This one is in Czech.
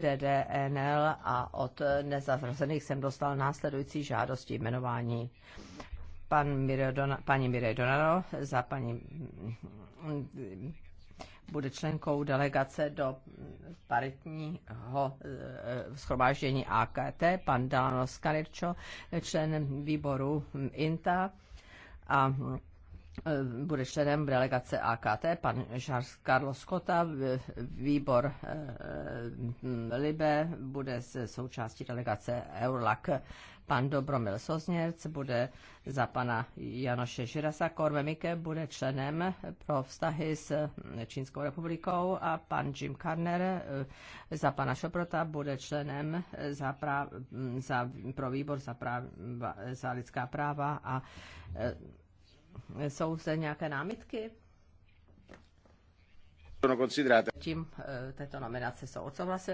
DDNL a od nezařazených jsem dostal následující žádosti jmenování. Pan Miredona, paní Mirej Donano za paní bude členkou delegace do paritního eh, schromáždění AKT, pan Dano Skanirčo, člen výboru INTA a Eh, bude členem delegace AKT, pan Charles Carlos Kota, eh, výbor eh, mm, Libe bude se součástí delegace Eurlak, Pan Dobromil Sozněrc bude za pana Janoše Žirasa Korvemike, bude členem pro vztahy s mm, Čínskou republikou a pan Jim Karner za pana Šoprota bude členem za práv, mm, za, pro výbor za, práv, za lidská práva a jsou zde nějaké námitky? Tím eh, této nominace jsou odsouhlaseny.